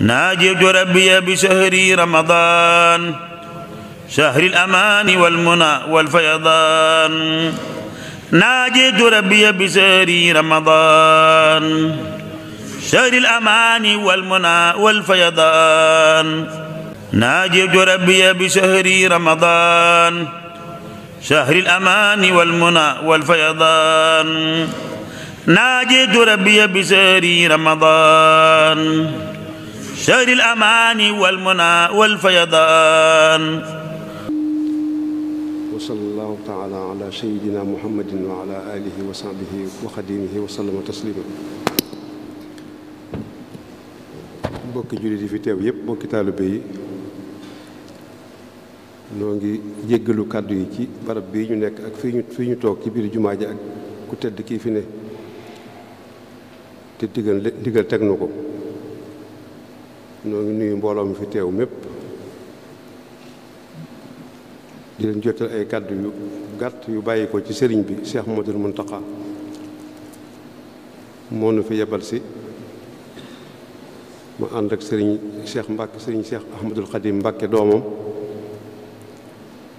ناجي ربي بشهر رمضان شهر الأمان والمنى والفيضان ناجي ربي بشهر رمضان شهر الأمان والمنى والفيضان ناجي ربي بشهر رمضان شهر الأمان والمنى والفيضان ناجي ربي بشهر رمضان شهر الأمان والمنى والفيضان وصلى الله تعالى على سيدنا محمد وعلى آله وصحبه وخديمه وسلم تسليما بوك جولي دي فيتيو ييب بوك طالبي نونغي ييغلو كي بير جمعه اك كو تيد كي في ني تي ديغال ديغال تك noo ngi nuyu mbooloo mi fi teew mépp di leen jotal ay kàddu yu gàtt yu bàyyi ko ci sëriñ bi Cheikh Modou Mountakha moo nu fi yebal si mu ànd ak sëriñ Cheikh Mbacke sëriñ Cheikh Ahmadul Khadim Mbacke doomam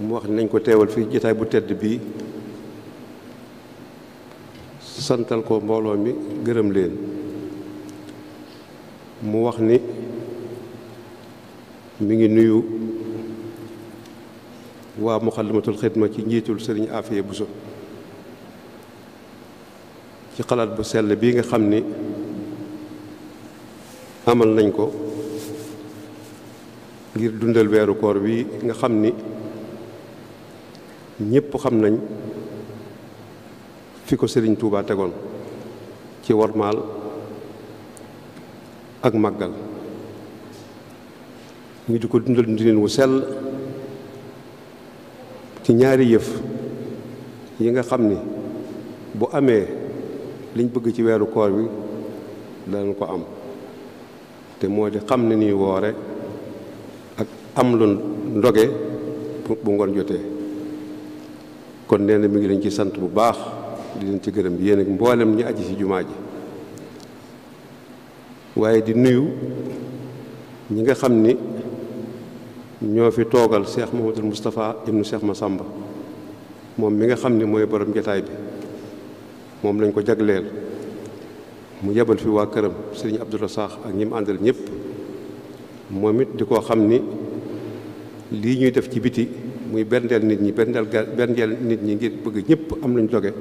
mu wax nañ ko teewal fii jotaay bu tedd bii santal ko mbooloo mi gërëm leen mu wax ni mi ngi nuyu waa muxaddamatul xidma ci njiitul sëriñ Afiya Buso ci xalaat bu sell bii nga xam ni amal nañ ko ngir dundal weeru koor bi nga xam ni ñépp xam nañ fi ko sëriñ Tuubaa tegoon ci wormaal ak màggal ñu di ko dundal dundin wu sell ci ñaari yëf yi nga xam ni bu amee liñ bëgg ci weeru koor bi danañ ko am te moo di xam ne nuy woore ak am lu ndoge bu ngoon jotee kon nee na mi ngi leen ci sant bu baax di leen ci gërëm yéen ak mboolem ñi aji ci jumaa ji waaye di nuyu ñi nga xam ni ñoo fi toogal Cheikh Mouhamadoul Moustapha ibnu Cheikh Massamba moom mi nga xam ne mooy borom jotaay bi moom lañ ko jagleel mu yebal fi waa këram sëriñ Abdou Rassakh ak ñi mu àndal ñëpp moom it di ko xam ni lii ñuy def ci biti muy berndeel nit ñi berndeel berndeel nit ñi ngir bëgg ñëpp am lañ doge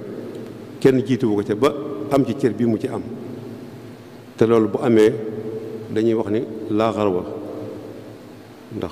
kenn jiituwu ko ca ba am ci cër bi mu ci am te loolu bu amee dañuy wax ni laaxar wa ndax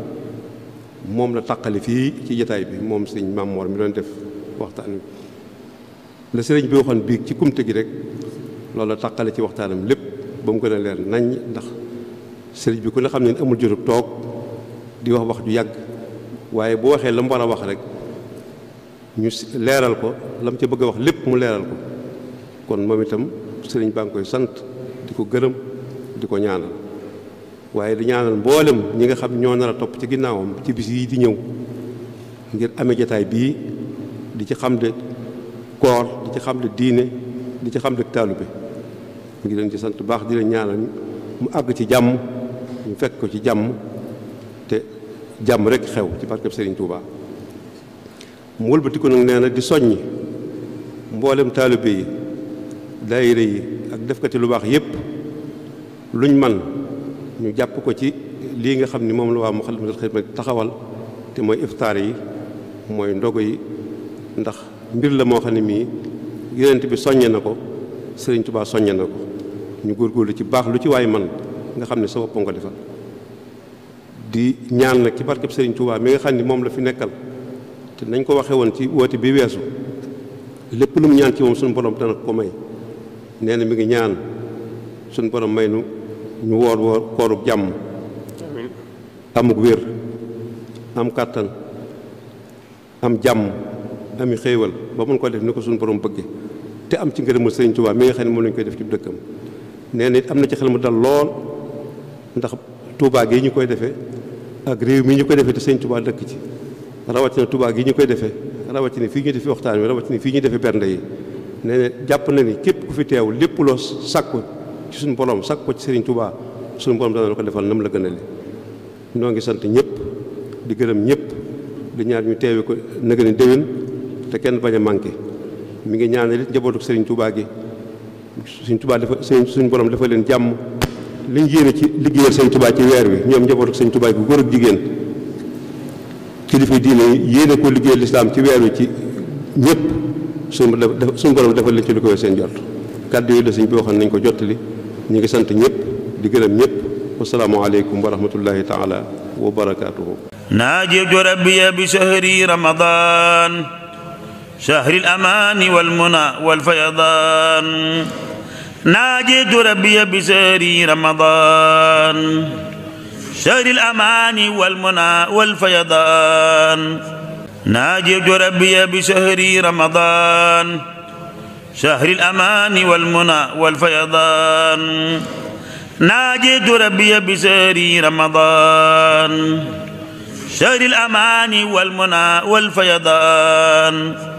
moom la taqale fii ci jataay bi moom sëñ Maam Mor mi doon def waxtaan wi la sëriñ bi waxoon biig ci kumte gi rek loolu la taqale ci waxtaanam lépp ba mu gën a leer nañ ndax sëriñ bi ku ne xam ne amul jotub toog di wax wax ju yàgg waaye bu waxee la mu war a wax rek ñu leeral ko la mu ca bëgg a wax lépp mu leeral ko kon moom itam sëriñ baa ngi koy sant di ko gërëm di ko ñaanal waaye di ñaanal mboolem ñi nga xam ñoo nar a topp ci ginnaawam ci bis yi di ñëw ngir ame jataay bii di ci xam de koor di ci xam de diine di ci xam de taalube ñu ngi leen ci sant baax di leen ñaanal mu àgg ci jàmm mu fekk ko ci jàmm te jàmm rek xew ci barkeb Serigne Touba mu wëlbati ko nag nee na di soññ mboolem taalube yi daayira yi ak def ko defkati lu baax yépp luñ man ñu jàpp ko ci lii nga xam ni moom la waa Moukhaddamatoul Khidma taxawal te mooy iftaar yi mooy ndogu yi ndax mbir la moo xam ne mii yonent bi soññe na ko Sëriñ Tuubaa soññe na ko ñu góor góorgóorlu ci baax lu ci waay man nga xam ne sa bopp nga defal di ñaan nag ci barkeb Sëriñ Tuubaa mi nga xam ni moom la fi nekkal te nañ ko waxee woon ci woote bi weesu lépp lum mu ñaan ci moom suñu borom dana ko may nee na mi ngi ñaan suñu borom may nu ñu woor woor koorub jàmm amuk wér am kàttan am jàmm ami xéewal ba mën ko def ni ko suñu borom bëgge te am ci ngërëmal Sëriñ Tuubaa mi nga xam ne moom lañ koy def ci dëkkam nee na it am na ci xel mu dal lool ndax Tuubaa gi ñu koy defee ak réew mi ñu koy defee te Sëriñ Tuubaa dëkk ci rawatina Tuubaa gi ñu koy defee rawatina fii ñu defee waxtaan wi rawatina fii ñu defee bernde yi nee na jàpp na ni képp ku fi teew lépp loo sàkku ci suñu borom sàkk ko ci Serigne tubaa suñu borom dana ko defal nam la gën a ngi sant ñëpp di gërëm ñëpp di ñaan ñu teewe ko na gën te kenn bañ manqué mi ngi ñaanal it njabootu Serigne Touba gi suñ Touba dafa suñu borom dafa leen jàmm liñ yéene ci liggéeyal Serigne tubaa ci weer wi ñoom njabootu Serigne Touba gi góor ak jigéen kilifa diine yéene ko liggéeyal lislaam ci weer wi ci ñëpp suñu suñu borom dafa leen ci lu koy seen jot kàddu yooyu de suñ boo xam nañ ko jottali ñu ngi sant ñëpp di gërëm ñëpp wasalaamualeykum wa rahmatullahi taala wa barakaatuhu ربي بشهر رمضان شهر الأمان والمنى والفيضان ناجي ربي بشهر رمضان شهر الأمان والمنى والفيضان ناجي ربي بشهر رمضان شهر الأمان والمنى والفيضان ناجد ربي بسيري رمضان شهر الأمان والمنى والفيضان